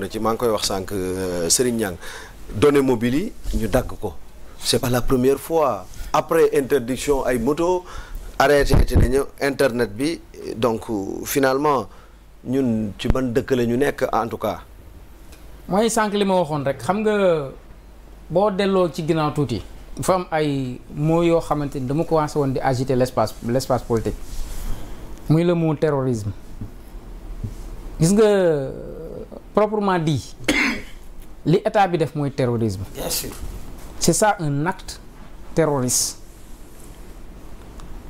na ci maa ngi koy wax sànq euh, Serigne Niang données mobiles yi ñu dagg ko c'est pas la première fois après interdiction ay moto arrêté te nañu internet bi donc euh, finalement ñun ci ban dëkk la ñu nekk en tout cas. mooy sànq li ma waxoon rek xam nga boo delloo ci ginnaaw tuuti. dafa ay mots yoo xamante ni dama commencé woon di agiter l'espace l'espace politique muy le mot terrorisme gis nga. proprement dit li état bi def mooy terrorisme. bien sûr c'est ça un acte terroriste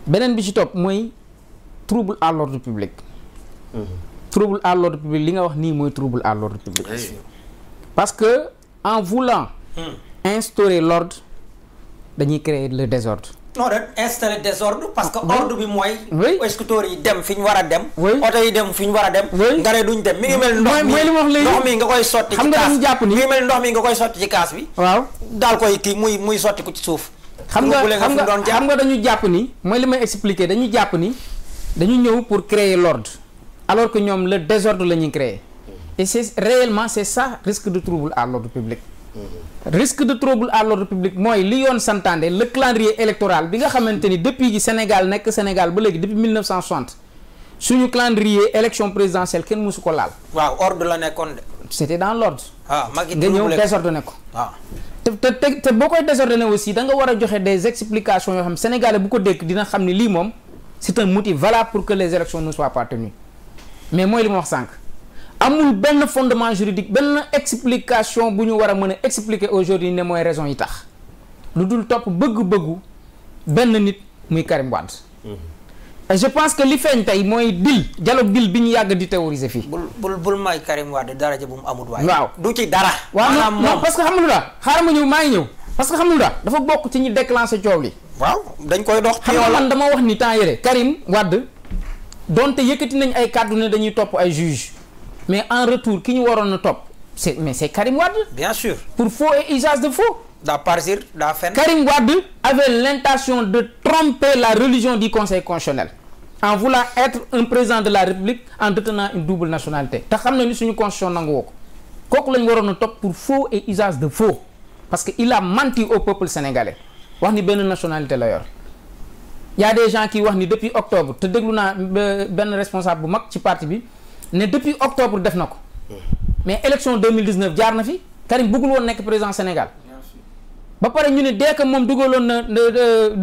beneen bi ci top mooy trouble à l'ordre public. Mhm. trouble à l'ordre public li nga wax nii mooy trouble à l'ordre public. parce que en voulant hmm. instaurer l'ordre dañuy créer le désordre. non rek installer désordre parce que ah, ordre bi mooy. oui scooter yi dem fi ñu war a dem. oui oto yi dem fi ñu war a dem. oui nga ne duñ dem mi ngi mel. ndox mi ndox mi nga koy sotti. ni ndox mi nga koy sotti ci kaas bi. waaw daal koy kii muy muy sotti ko ci suuf. xam nga xam nga xam nga dañu jàpp ni mooy li may expliquer dañu jàpp ni dañu ñëw pour créer lord alors que ñoom le désordre la ñuy créer et c'est réellement c'est ça risque de trouble à l'ordre public. risque de trouble à l'ordre public mooy li yoon santaande le calendrier électoral bi nga xamante ni depuis gi Sénégal nekk Sénégal ba léegi depuis 1960 suñu calendrier élection présidentielle kenn mësu ko laal. waaw ordre la nekkoon de. c'était dans l'ordre. ah Macky nga ñëw désordonné ko. waaw ah. te te te boo koy désordonné aussi da nga war a joxe des explications yoo xam Sénégalais bu ko dégg dina xam ne lii moom c'est un motif valable pour que les élections ne soient pas tenues mais mooy li ma wax sànq. amul benn fondement juridique benn explication bu ñu war a mën a expliquer aujourd'hui ne mooy raison yi tax lu dul topp bëgg-bëggu benn nit muy Karim Wade mhm. et je pense que li feeñ tey mooy dil dialogue dil bi ñu yàgg di théoriser fii. bul bul bul may Karim Wade dara ja bu mu amut waaw du ci dara. waaw non parce que xam nga lu daa xaaral ma ñëw maa ngi ñëw. parce que xam nga lu dafa bokk ci ñu déclenché coow li. waaw dañ koy dox. xam nga man dama wax ni temps yële Karim wàdd donte yëkkati nañ ay kàddu dañuy topp ay juge mais en retour ki ñu waroon na topp c'est mais c'est Karim Wade. bien pour faux et usage de faux. daa partir daa fen. Karim Wade avait l'intention de tromper la religion du conseil constitutionnel en voulant être un président de la république en détenant une double nationalité. te xam na ni suñu constitution nanguwoo ko kooku la ñu waroon a topp pour faux et usage de faux parce que il a menti au peuple sénégalais wax ni benn nationalité la yor. y a des wax ni depuis octobre te déglu naa euh, benn responsable bu mag ci parti bi. ne depuis octobre def na ko mais élection 2019 jaar na fi Karim bëggul woon nekk président Sénégal ba pare ñu ne dès que moom dugaloon na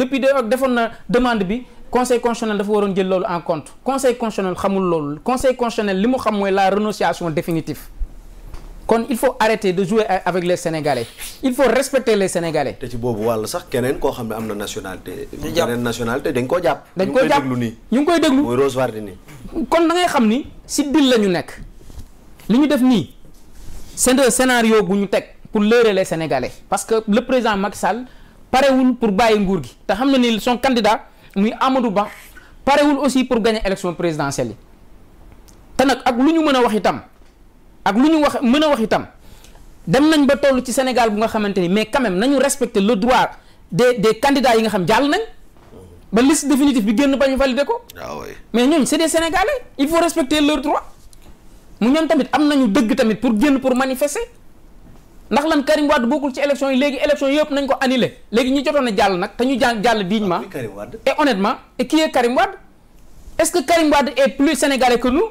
depuis de defoon na demande bi conseil constitutionnel dafa waroon jël loolu en compte conseil constitutionnel xamul loolu conseil constitutionnel li mu xam mooy la renonciation définitive kon il faut arrêter de jouer avec les sénégalais il faut respecter les sénégalais. te ci boobu wàll sax keneen koo xam ne am na nationalité. ñu jàpp keneen nationalité dañ koo jàpp. dañ koy jàpp ñu ngi koy déglu nii. ñu ngi koy déglu mooy Rose Wardini kon da ngay xam ni si dil la ñu nekk li ñu def nii c'est un scénario bu ñu teg pour leurrer les sénégalais parce que le président Macky Sall parewul pour bàyyi nguur gi te xam na ni son candidat muy Amadou Ba parewul aussi pour gagner élection présidentielle yi te nag ak lu ñu mën a wax itam. ak lu ñu wax mën a wax itam dem nañ ba toll ci Sénégal bu nga xamante ni mais quand même nañu respecter le droit des des candidats yi nga xam jàll nañ ba liste définitive bi génn ba ñu valider ko. Ah mais ñooñu c'est des Sénégalais il faut respecter leur droit mu ñoom tamit am nañu dëgg tamit pour génn pour manifester ndax lan Karim Wade bokkul ci élection yi léegi élection yëpp nañ ko annulé léegi ñu jotoon a jàll nag te ñu jàng jàll dignement ah, et honnêtement et qui est Karim Wade est-ce que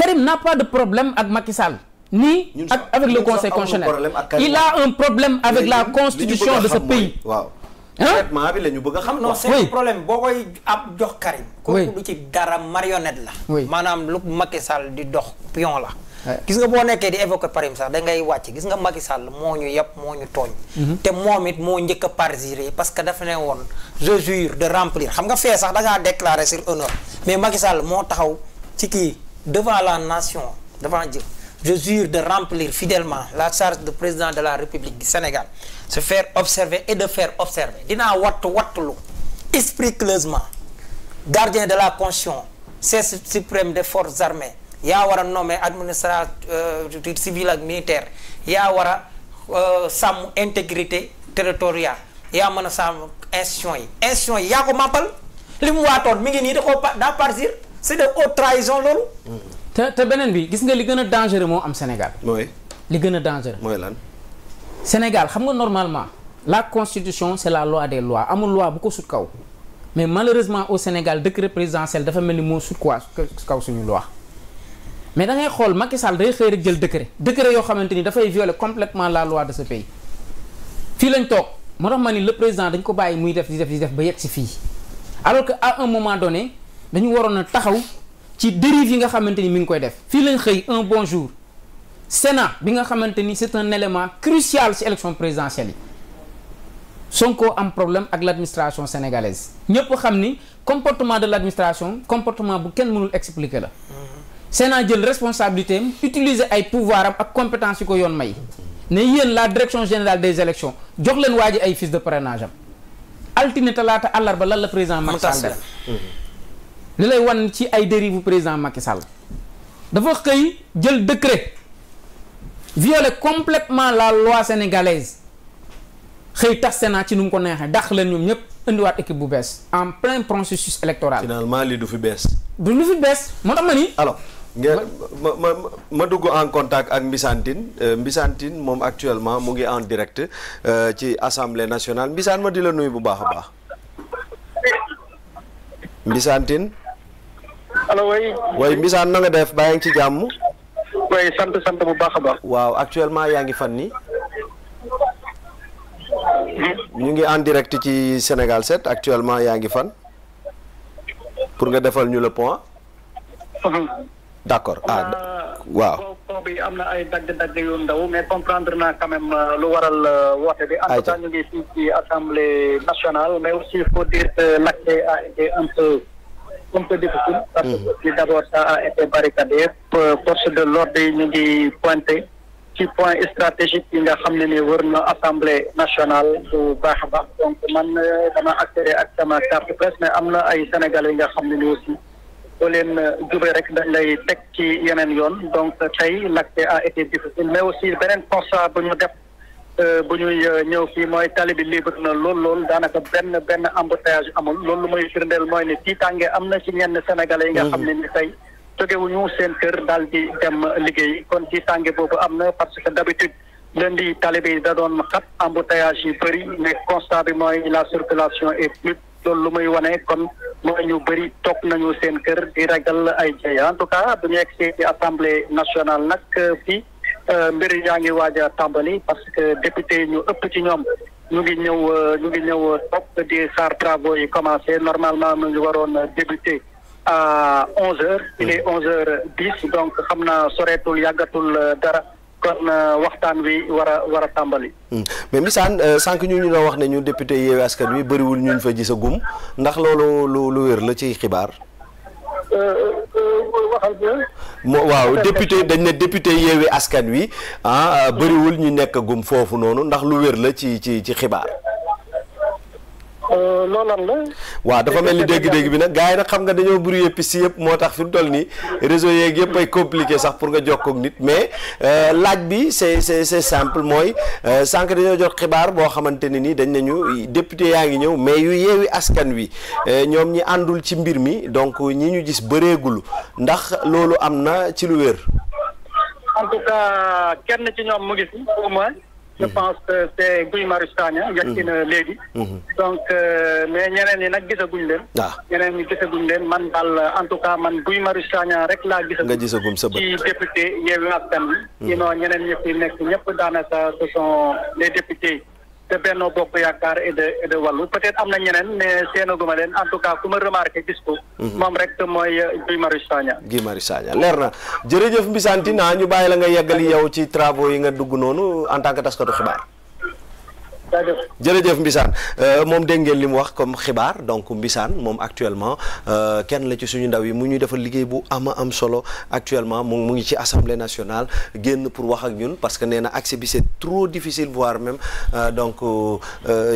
Karim n'a pas de problème ak Macky Sall ni ak avec le conseil constitutionnel il a un problème avec la constitution de ce pays waaw traitement bi la ñu bëgg a xam non c'est problème boo koy ab jox Karim kooku du ci dara marionnette la maanaam lu Macky Sall di dox pion la gis nga boo nekkee di évoquer Karim sax da ngay wàcc gis nga Macky Sall moo ñu yàpp moo ñu tooñ mm-hmm. te moom it moo njëkk a parjuré parce que dafa ne woon je de remplir xam nga fee sax da ngaa déclarer sur honneur mais Macky Sall moo taxaw ci kii devant la nation devant Dieu je de remplir fidèlement la charge de président de la République du Sénégal se faire observer et de faire observer dinaa wattu wattulu scrupuleusement gardien de la Constitution chef suprême des forces armées yaa war a nommer administrateur civil ak militaire yaa war a euh, sàmm intégrité territoriale yaa mën a sàmm institution yi institution yi yaa ko màppal li mu waatoon mi ngi nii da koo daa partir c'est de haute trahison loolu. te te beneen bi gis nga li gën a dangereux moo am Sénégal. mooy li gën a dangereux. mooy lan. Sénégal xam nga normalement la constitution c'est la loi de lois amul loi bu ko sut kaw mais malheureusement au Sénégal décret présidentiel dafa mel ni moo sut quoi kaw suñu loi. mais da ngay xool Macky Sall day xëy rek jël décret décret yoo xamante ni dafay violer complètement la loi de ce pays fii lañ toog moo tax ma ni le président dañ ko bàyyi muy def di def di def ba yegg si fii alors que à un dañu waroon na taxaw ci dérive yi nga xamante ni mi ngi koy def fii lañ xëy un bon jour Sénat bi nga xamante ni c'est un élément crucial ci élection présidentielle yi Sonko am problème ak l'administration sénégalaise ñëpp xam ni comportement de l'administration comportement bu kenn mënul expliquer la mm-hmm. Sénat jël responsabilité am ay pouvoir am ak compétence yu ko yoon may ne yéen la direction générale des élections jox leen waa ji ay fiches de parrainage am altine talaata àllarba lan la président Macky Sall li lay wan ci ay dérive président Macky dafa xëy jël décret violer complètement la loi sénégalaise xëy tax naa ci nu mu ko neexee dàq leen ñoom ñëpp indiwaat équipe bu bees en plein processus électoral. finalement lii du fi bees. du lu fi bees moo tax ma ni. alo ngeen ma ma ma dugg en contact ak Mbisantine euh, Mbisantine moom actuellement mu ngi en direct euh, ci assemblée nationale Mbisaan ma di la nuyu bu baax a baax. Mbisantine. allo way way Mbisaan na nga def baa ngi ci jàmm. way sant sant bu baax a baax. waaw actuellement yaa ngi fan ni hmm? ñu ngi en direct ci Sénégal set actuellement yaa ngi fan. pour nga defal ñu le point. Hmm. d' accord ah waaw. pont bi am na ay dagg-dagg yu ndaw mais comprendre na quand euh, lu waral euh, woote bi. en tout cas ñu ngi fii ci assemblée nationale mais aussi il dire que l'accès a peu. comme que defagul parce que d'abord ça a été barricadé force de l'ordre yi ñu ngi pointé ci point stratégique yi nga xam ne ni wër na assemblée nationale bu baax a baax donc man euh, dama accéder ak sama carte presse mais am na ay sénégalais yi nga xam ne ni aussi boo leen euh, jubee rek dañ lay teg ci yeneen yoon donc tey l'acte a été difficile mais aussi beneen constat bu ñu def Euh, bu ñuy euh, ñëw fii mooy tali bi libre na lool lool daanaka benn benn embouteillage amul loolu lu muy firndeel mooy ne tiitaange am na ci ñenn sénégalais yi nga xam ne ni tey jógewuñu seen kër daal di dem liggéey kon tiitaange boobu am na parce que d'habitude lundi tali bi da doon xat embouteillage yi bëri mais constat bi mooy la circulation et plus loolu lu muy wane kon mooy ñu bëri toog nañu seen kër di ragal ay jëye en tout cas bu ñu egg ci assemblée nationale nag euh, fii Euh, mbir yaa ngi waaj a tàmbali parce que député ñu ëpp ci ñoom ñu ngi ñëw euh, ñu ngi ñëw euh, topp di xaar travaux yi commencé normalement mu ngi waroon débuter à onze heures il est onze heures dix donc xam naa soreetul yàggatul dara kon waxtaan wi war a war a tàmbali. Hmm. mais missan sànq ñu ñu doon wax ne ñu député Yewwi Askan Wi bëriwul ñu fa ji sa gum ndax loolu lu wér la ci xibaar. moo waaw député dañ ne député yeewi askan wi ah bëriwul ñu nekk gum foofu noonu ndax lu wér la ci ci ci xibaar loolan la. waaw dafa mel ni dégg-dégg bi nag gars yi nag xam nga dañoo brouillé piste yëpp moo tax fi mu toll nii réseau yeeg yëpp ay compliqué sax pour nga jokkoo ak nit mais euh, laaj bi c'est c'est c'est simple mooy euh, sànq dañoo jot xibaar boo xamante ne ni dañ nañu député yaa ngi ñëw mais yu yeewi askan wi euh, ñoom ñi àndul ci mbir mi donc ñi ñu gis bëreegul ndax loolu am na ci lu wér. en tout cas kenn je pense que c'est Guy Marius Sagna yegsi na léegi donc euh, mais ñeneen ñi nag gisaguñ leen waaw ah. ñeneen ñi gisaguñ leen man daal en tout cas man Guy Marius Sagna rek laa nga gisagum ci député Yewwi Askan Wi mmh. sinon ñeneen ñi fi nekk ñëpp daanaka ce sont les députés te Benno Bokk Yaakaar et de Wallu peut-être am na ñeneen mais seenaguma leen en tout cas ku ma remarqué gis ko. Mhm. moom rek mooy euh, Guy Marius Sagna. Guy leer na jërëjëf naa ah, ñu bàyyi la nga yeggali yow ci travaux yi nga dugg noonu en tant que taskatu xibaar. jërëjëf Mbisaan euh, moom dégg ngeen li mu wax comme xibaar donc Mbisaan moom actuellement euh, kenn la ci suñu ndaw yi mu ñu defal liggéey bu ama am solo actuellement mu mu ngi ci assemblée nationale génn pour wax ak ñun parce que nee na accès bi c'est trop difficile voire même euh, donc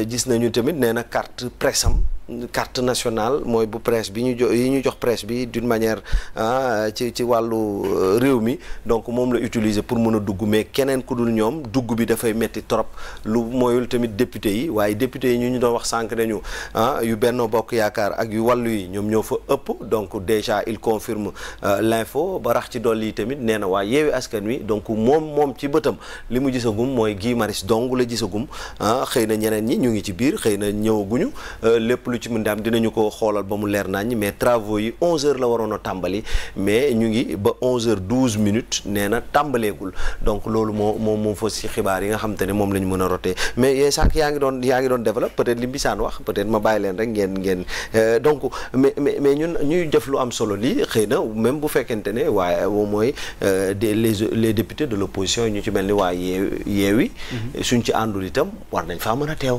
gis nañu tamit nee na carte presse am carte nationale mooy bu presse bi ñu jox yi ñu jox presse bi d'une manière ah, ci ci wàllu euh, réew mi donc moom la utiliser pour mën a dugg mais keneen ku dul ñoom dugg bi dafay metti trop lu mooyul tamit député yi waaye député yi ñu ñu doon wax sànq nañu ah yu Benno Bokk Yaakaar ak yu wàllu yi ñoom ñoo fa ëpp donc déjà il confirme euh, l'info ba rax ci dolli yi tamit nee na waa Yewwi Askan Wi donc moom moom ci bëtam li mu gisagum mooy gii Marius dong la gisagum ah xëy na ñeneen ñi ñu ngi ci biir xëy na ñëwaguñu euh, lépp lu ci mën di am dinañu ko xoolal ba mu leer nañ mais travaux yi 11h la waroon a tàmbali mais ñu ngi ba 11h12 minutes nee na tàmbaleegul donc loolu moo moom moo fa si xibaar yi nga xam ne moom la ñu mën a rotee mais yee yaa ngi doon yaa ngi doon développe peut-être li Mbisaan wax peut-être ma bàyyi leen rek ngeen ngeen euh, donc mais mais ñun ñuy def lu am solo lii xëy na même bu fekkente ne waaye mooy euh, des les les députés de l'opposition yi ñu ci mel ni waa yeew yeewi mhm. suñ ci àndul itam war nañ faa mën a teew.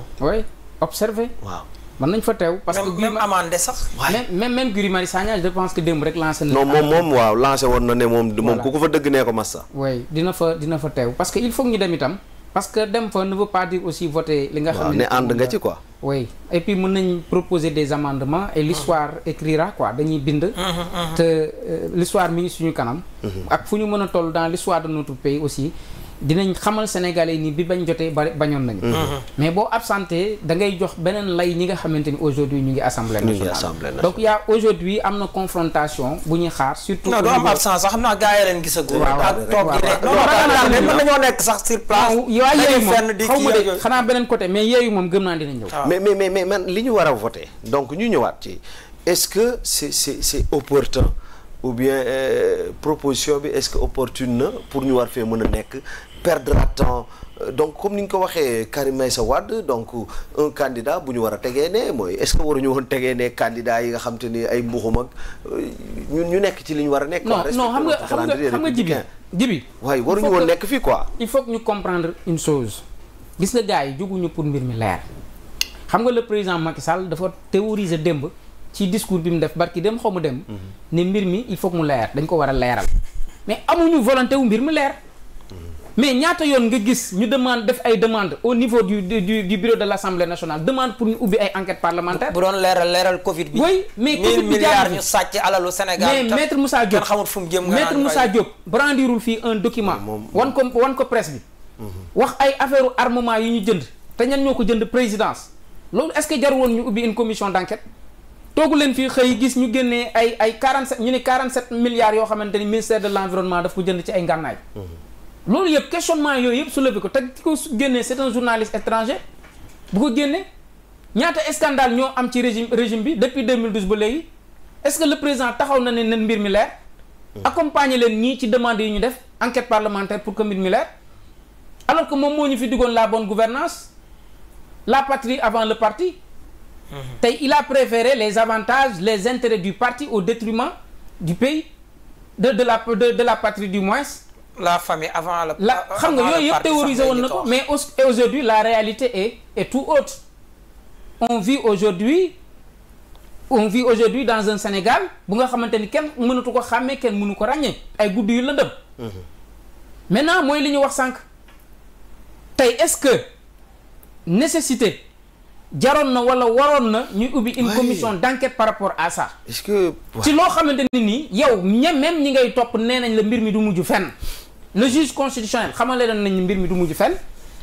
mën nañ fa teew. parce que même amande sax. même même Guy Marius Sagna je pense que démb rek lancé. non moom moom waaw lancé woon na ne moom. moom ku ko fa dëgg nee ko Massa. oui dina fa dina fa teew parce que il faut ñu dem itam. parce que dem fa ne veut pas dire aussi voter li nga xam ne ànd nga ci quoi. oui et puis mën nañ proposer des amendements et l'histoire écrira quoi dañuy bind. te euh, l'histoire mi ngi suñu kanam. ak fu ñu mën a toll dans l'histoire de notre aussi. dinañ xamal sénégalais ni bi bañ jotee ba bañoon nañu mm-hmm. Mm-hmm. mais boo absenté da ngay jox beneen lay ñi nga xamante ni aujourd'hui ñu ngi assemblée nationale donc y a aujourd'hui am na confrontation bu ñuy xaar surtout non du am absence sax xam naa gars yi leen gisagul ak toog di rek non non mën nañoo nekk sax sur place waaw yooyu moom xaw ma de xanaa beneen côté mais yooyu moom gëm naa dina ñëw mais mais mais man li ñu war a voter donc ñu ñëwaat ci est-ce que c'est c'est c'est opportun ou bien euh, proposition bi est-ce que opportune na pour ñu war fee mën a nekk perdra temps euh, donc comme ni nga ko waxee Karim Meïssa Wade donc un candidat bu ñu war a tegee ne mooy est-ce que waruñu woon tegee ne candidat yi nga xam te ni ay mbuxum ak euh, ñun ñu nekk ci li ñu war a nekk. non non xam nga xam nga xam nga jibi jibi waaye waruñu woon nekk fii quoi. il faut ñu comprendre une chose gis nga gars yi juguñu pour mbir mi leer xam nga le président Macky Sall dafa théoriser démb ci discours bi mu def barki dem xaw mu dem. ni mbir mi il faut mu leer dañ ko war a leeral leer. mais ñaata yoon nga gis ñu demand def ay demande au niveau du du du bureau de l' assemblée nationale demande pour ñu ubbi ay enquête parlementaire bu doon leeral leeral Covid bi. oui mais Covid bi milliards ñu sàcc alalu Sénégal. mais maître Moussa Diop xamul fii un document. wan ko wan ko presse bi. Mhm. wax ay affaire armement yu ñu jënd. te ñan ñoo ko jënd présidence loolu est que jar woon ñu ubbi une commission d' enquête. toogu leen fii xëy gis ñu génnee ay ay 47 ñu yoo xamante ni ministère l' environnement daf ko jënd ci loolu yëpp questionnement yooyu yëpp soulevé ko te ki ko génnee c'est un journaliste étranger bu ko génnee ñaata scandale ñoo am ci régime régime bi depuis 2012 ba léegi est-ce que le président taxaw na ne nen mbir mi leer accompagner leen ñii ci demande yi ñu def enquête parlementaire pour que mbir mi leer alors que moom moo ñu fi digoon la bonne gouvernance la patrie avant le parti mmh. tey il a préféré les avantages les intérêts du parti au détriment du pays de de la de, de la patrie du moins la famille avant la. la xam nga yooyu yëpp théorisé woon na ko mais aujourd'hui la réalité est est tout autre on di aujourd'hui on vit aujourd'hui dans un Sénégal bu nga xamante ni kenn mënatu ko xàmmee kenn mënu ko ràññee ay guddi yu lëndëm mhm. maintenant mooy li ñu wax sànq tey est-ce que nécessité jaroon na wala waroon na ñuy ubbi une commission d'enquête par rapport à ça est que ci loo xamante ni nii yow ña même ñi ngay topp nee nañ la mbir mi du mujj fen le juge constitutionnel xamale leen nañu mbir mi du mujj fenn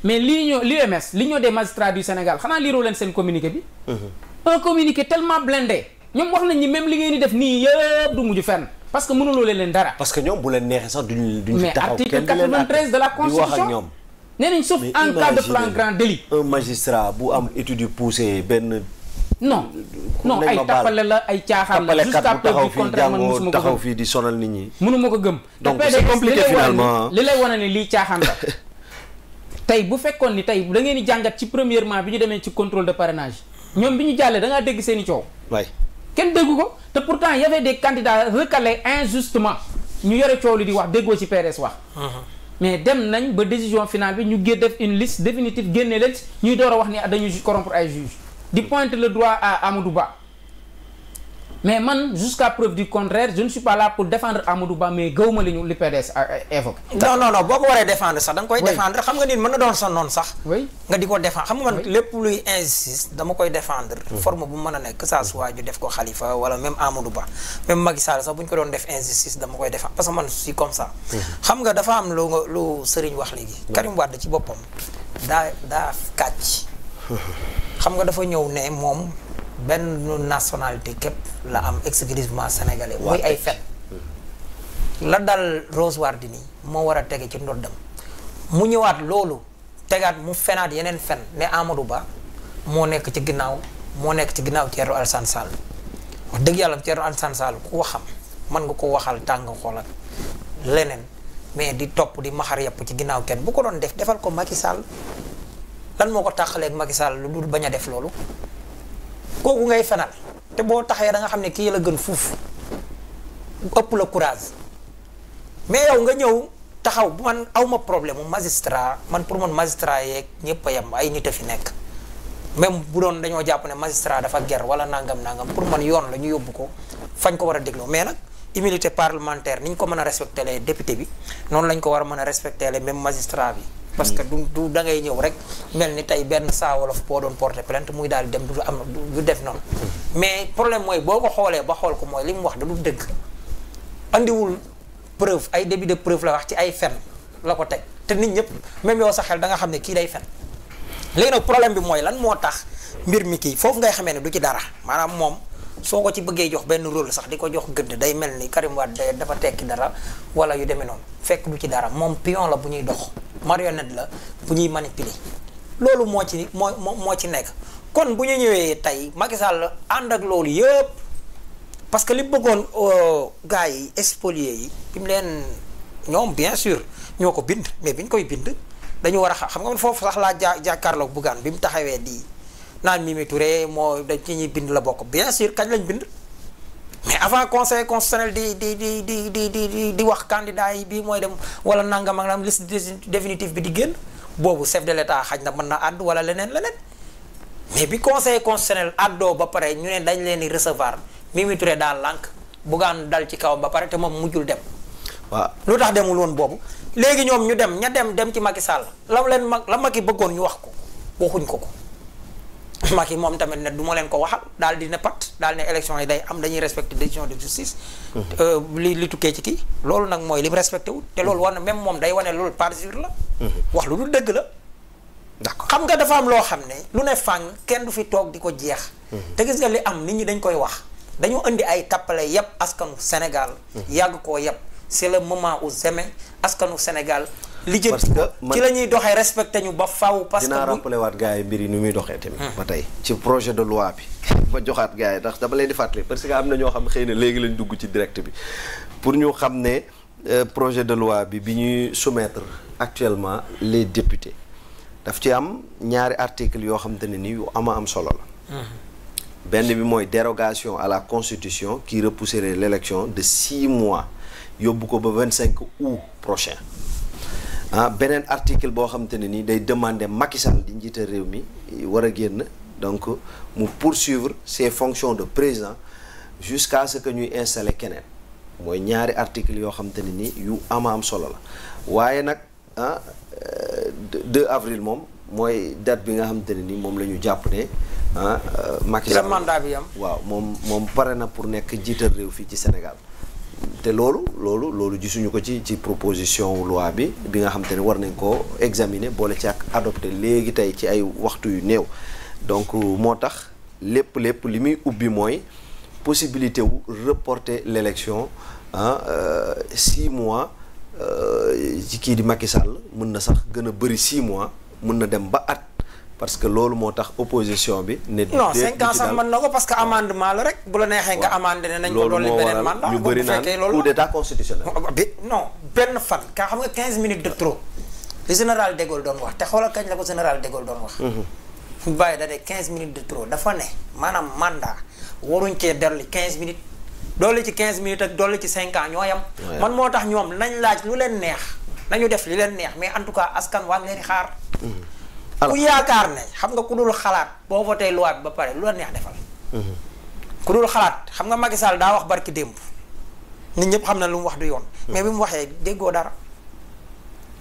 mais l'union l'UMS l'union des magistrats du Sénégal xanaa liiroo leen seen communiqué bi. Uh-huh. un communiqué tellement blindé ñoom wax nañ ni même li ngeen di def nii yëpp du mujj fenn parce que mënuloo leen dara. parce que ñoom bu leen neexee sax duñu duñu taxaw kenn du leen mais article 93 de la constitution nee nañ sauf en cas de plan grand délit. un magistrat bu am étude non non ay tappale la ay caaxaan la jusqu'à preuve du contraire man mësuma ko taxaw fii di sonal nit ñi mënuma ko gëm donc c'est compliqué finalement li lay wane ni lii caaxaan la tey bu fekkoon ni tey da ngeen di jàngat ci premièrement bi ñu demee ci contrôle de parrainage ñoom bi ñu jàllee da dégg seen i coow waay kenn déggu ko te pourtant y avait des candidats recalés injustement ñu yore coow li di wax déggoo ci PRS wax uh-huh. mais dem nañ ba décision finale bi ñu gé def une liste définitive génne wax ni dañu corrompre ay juge di pointer le droit à Amadou Ba mais man jusqu'à preuve du contraire je ne suis pas là pour défendre Amadou Ba mais gëwuma li ñu li PDS évoqué. non non boo ko waree défendre sax da nga koy. défendre xam nga nit mën na doon sa noonu sax. nga di ko défendre xam nga man lépp luy insiste dama koy défendre. Mm. forme bu mën a nekk que ça soit ñu def ko xalifa wala même Amadou Ba même Macky Sall sax bu ñu ko doon def injustice dama koy défendre parce que man si comme ça. Mm-hmm. xam nga dafa am lu nga lu Serigne wax léegi. Karim Wade ci boppam daa daa kàcc. xam nga dafa ñëw ne moom benn nationalité képp la am exclusivement sénégalais mooy ay fen la dal Rose Wardini moo war a tege ci ndoddam mu ñëwaat loolu tegaat mu fenaat yeneen fen ne Amadou Ba moo nekk ci ginnaaw moo nekk ci ginnaaw Thierno Alassane Sall wax dëgg yàlla Thierno Alassane Sall ku waxam mën nga ko waxal tàng xoolal leneen mais di topp di maxar yàpp ci ginnaaw kenn bu ko doon def defal ko Macky Sall lan moo ko tàqaleeg Macky Sall lu dul bañ a def loolu kooku ngay fenal te boo taxee da nga xam ne kii la gën fuuf ëpp la courage mais yow nga ñëw taxaw man awma problème mu magistrat man pour man magistrat yeeg ñëpp yem ay nit a fi nekk même bu doon dañoo jàpp ne magistrat dafa ger wala nangam nangam pour man yoon la ñu yóbbu ko fañ ko war a dégloo mais nag immunité parlementaire ni ko mën a respecté les député bi noonu lañ ko war a mën a respecté les même magistrat bi. parce que du du da ngay ñëw rek mel ni tey benn saa wolof boo doon porter plainte muy daal dem du am na du def noonu. mais problème mooy boo ko xoolee ba xool ko mooy li mu wax da du dëgg. andiwul preuve ay début de preuve la wax ci ay fen la ko teg te nit ñëpp même yow sa xel da nga xam ne kii day fen. léegi nag problème bi mooy lan moo tax mbir mi kii foofu ngay xamee ne du ci dara maanaam moom. soo ko ci bëggee jox benn rôle sax di ko jox gëdd day mel ni Karim Wade dafa tekki dara wala yu demee noonu fekk du ci dara moom pion la bu ñuy dox marionnette la bu ñuy manipuler loolu moo ci moo moo ci nekk kon bu ñu ñëwee tey Macky Sall ànd ak loolu yëpp parce que li bëggoon euh, gars yi spoliés yi bi mu leen ñoom bien sur ñoo ko bind mais bi ñu koy bind dañu war a xam xam nga foofu sax laa ja jaa jàkkaarloog Bougane bi mu taxawee di naan Mimi Touré moo dañ ci ñuy bind la bokk bien sûr kañ lañ bind. mais avant conseil constitutionnel di di di di di di di wax candidat yi bii mooy dem wala nangam ak nangam liste définitive bi di génn boobu chef de l'état xaj na mën na àddu wala leneen leneen mais bi conseil constitutionnel àddoo ba pare ñu ne dañ leen di recevoir Mimi Touré daal lànk buggaan dal ci kawam ba pare te moom mujjul dem. waaw lu tax demul woon boobu léegi ñoom ñu dem ña dem dem ci Macky Sall la leen mag la Macky bëggoon ñu wax ko waxuñ ko ko. Macky moom tamit ne du leen ko waxal daal di ne pat daal ne élection yi day am dañuy respecté décision de justice. Mhm. Euh, li li tukkee ci kii. loolu nag mooy li mu respecté wul te loolu mhm. war na même moom day wane loolu parjure la. Mhm. wax lu dul dëgg la. d'accord xam nga dafa am loo xam ne lu ne fàng kenn du fi toog di ko jeex. te gis nga li am nit ñi dañ koy wax dañu indi ay tappale yépp askanu Sénégal. yàgg koo yépp c'est le moment au jamais askanu Sénégal. lijjanti parce que ci la ñuy doxee respecté ñu ba faw parce que dinaa rappelé waat gars yi mbir yi nu muy doxee tamit. Hmm. ba tey ci projet de loi bi. ba joxaat gars yi ndax dama leen di fàttali parce que am na ñoo xam xëy na léegi lañ dugg ci direct bi pour ñu xam ne euh, projet de loi bi bi ñuy soumettre actuellement les députés daf ci am ñaari article yoo xamante ne ni yu ama am solo la. Hmm. benn bi mooy dérogation à la constitution qui repousserait l' de six mois yóbbu ko ba vingt cinq août ah beneen article boo xamante ne nii day demander Macky Sall di njiital réew mi eh, war a génn donc mu poursuivre ses fonctions de président jusqu'à ce que ñuy installer keneen mooy ñaari article yoo xamante ne nii yu am a am solo la waaye nag ah 2 euh, avril moom mooy date bi nga xamante ne nii moom la ñu jàpp ne ah euh, Macky Sall mandat bi am waaw moom moom pare na pour nekk njiital réew fii ci Sénégal te loolu loolu loolu gisuñu ko ci ci proposition wu loi bi bi nga xam te ne war nañ ko examiner boole ci ak adopté léegi tey ci ay waxtu yu néew donc moo tax lépp lépp li muy ubbi mooy possibilité wu reporter l'élection ah six mois euh, ci kii di Macky Sall mën na sax gën a bëri six mois mun na dem ba at parce que loolu moo tax opposition bi. ne non cinq ans sax mën na ko parce que amendement la rek. bu la neexee nga amandé ne nañ ko dolli beneen mandat ñu bëri naan coup d'état constitutionnel. Ah, non benn fan kaa xam nga 15 minutes de trop. le général de Gaulle doon wax te xoolal kañ la ko général de Gaulle doon wax. Mhm. bàyyi da de 15 minutes de trop dafa ne maanaam mandat waruñ cee dellu 15 minutes dolli ci 15 minutes ak dolli ci 5 ans ñoo yam. man moo tax ñoom nañ laaj lu leen neex nañu def li leen neex mais en tout cas askan waa ngi leen xaar. Mhm. ku yaakaar ne xam nga ku dul xalaat boo votee loi ba pare lu la neex defal. Mhm. ku dul xalaat xam nga Macky Sall daa wax barki démb nit ñëpp xam na lu mu wax du yoon. Mhm. mais bi mu waxee déggoo dara.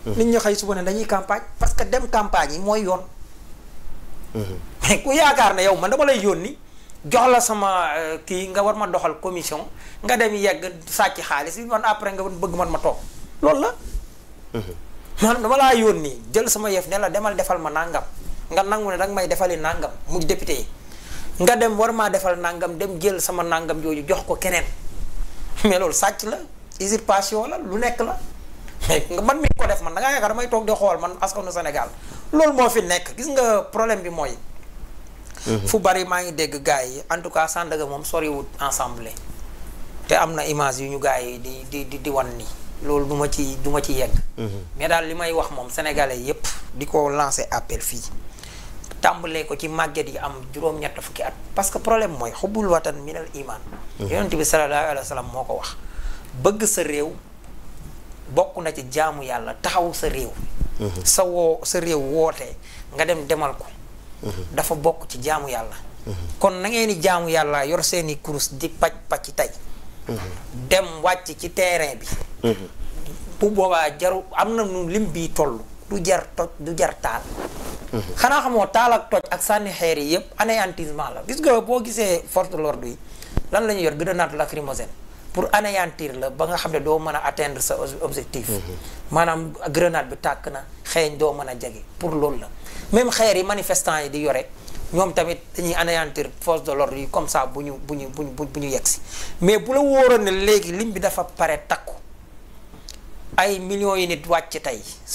Mhm. nit ñi xëy suba ne dañuy campagne parce que dem campagne yi mooy yoon. mais ku yaakaar ne yow man dama lay yónni jox la sama euh, kii nga war ma doxal commission nga dem yegg sàcc xaalis bi man après nga bëgg man ma toog loolu la. maanaam dama laa yónni jël sama yëf ne la demal defal ma nàngam nga nangu ne danga may defali nàngam mu député yi nga dem war maa defal nàngam dem jël sama nàngam jooju jox ko keneen mais loolu sàcc la usurpation la lu nekk la mais man mi ko def man da ngaa damay toog di xool man askanu Sénégal loolu moo fi nekk gis nga problème bi mooy. Mhm. fu bari maa ngi dégg gars yi en tout cas Sandaga moom soriwut ensemble te am na image yu ñu gars yi di di di wan nii. loolu du ma ci du ma ci yegg. Mhm. mais daal li may wax moom sénégalais yépp di ko lancer appel fii. tàmbalee ko ci màgget yi am juróom-ñett fukki at parce que problème mooy xubbul watan minal iman. Mhm. yonent bi sallallahu alayhi wa sallam moo ko wax. bëgg sa réew bokk na ci jaamu yàlla taxaw sa réew. Mhm. sa sa réew wootee nga dem demal ko. dafa bokk ci jaamu yàlla. kon nangeen di jaamu yàlla yor seeni kurus di pàcc pàcc tey. dem wàcc ci terrain bi. bu boobaa jaru am na nu lim bii toll du jar toj du jar taal xanaa xamoo taal ak toj ak sànni xeer yi yëpp anéantissement la gis nga boo gisee force de l'ordre lan la ñuy yor grenade lacrymogène pour anéantir la ba nga xam ne doo mën a atteindre sa objectif maanaam grenade bi tàkk na xeeñ doo mën a jege pour loolu la même xeer yi manifestant yi di yore ñoom tamit dañuy anéantir force de l'ordre yi comme ça bu ñu bu ñu bu ñu bu ñu yegsi mais bu la wóoroon ne léegi lim bi dafa pare takku ay millions yi nit wàcc tey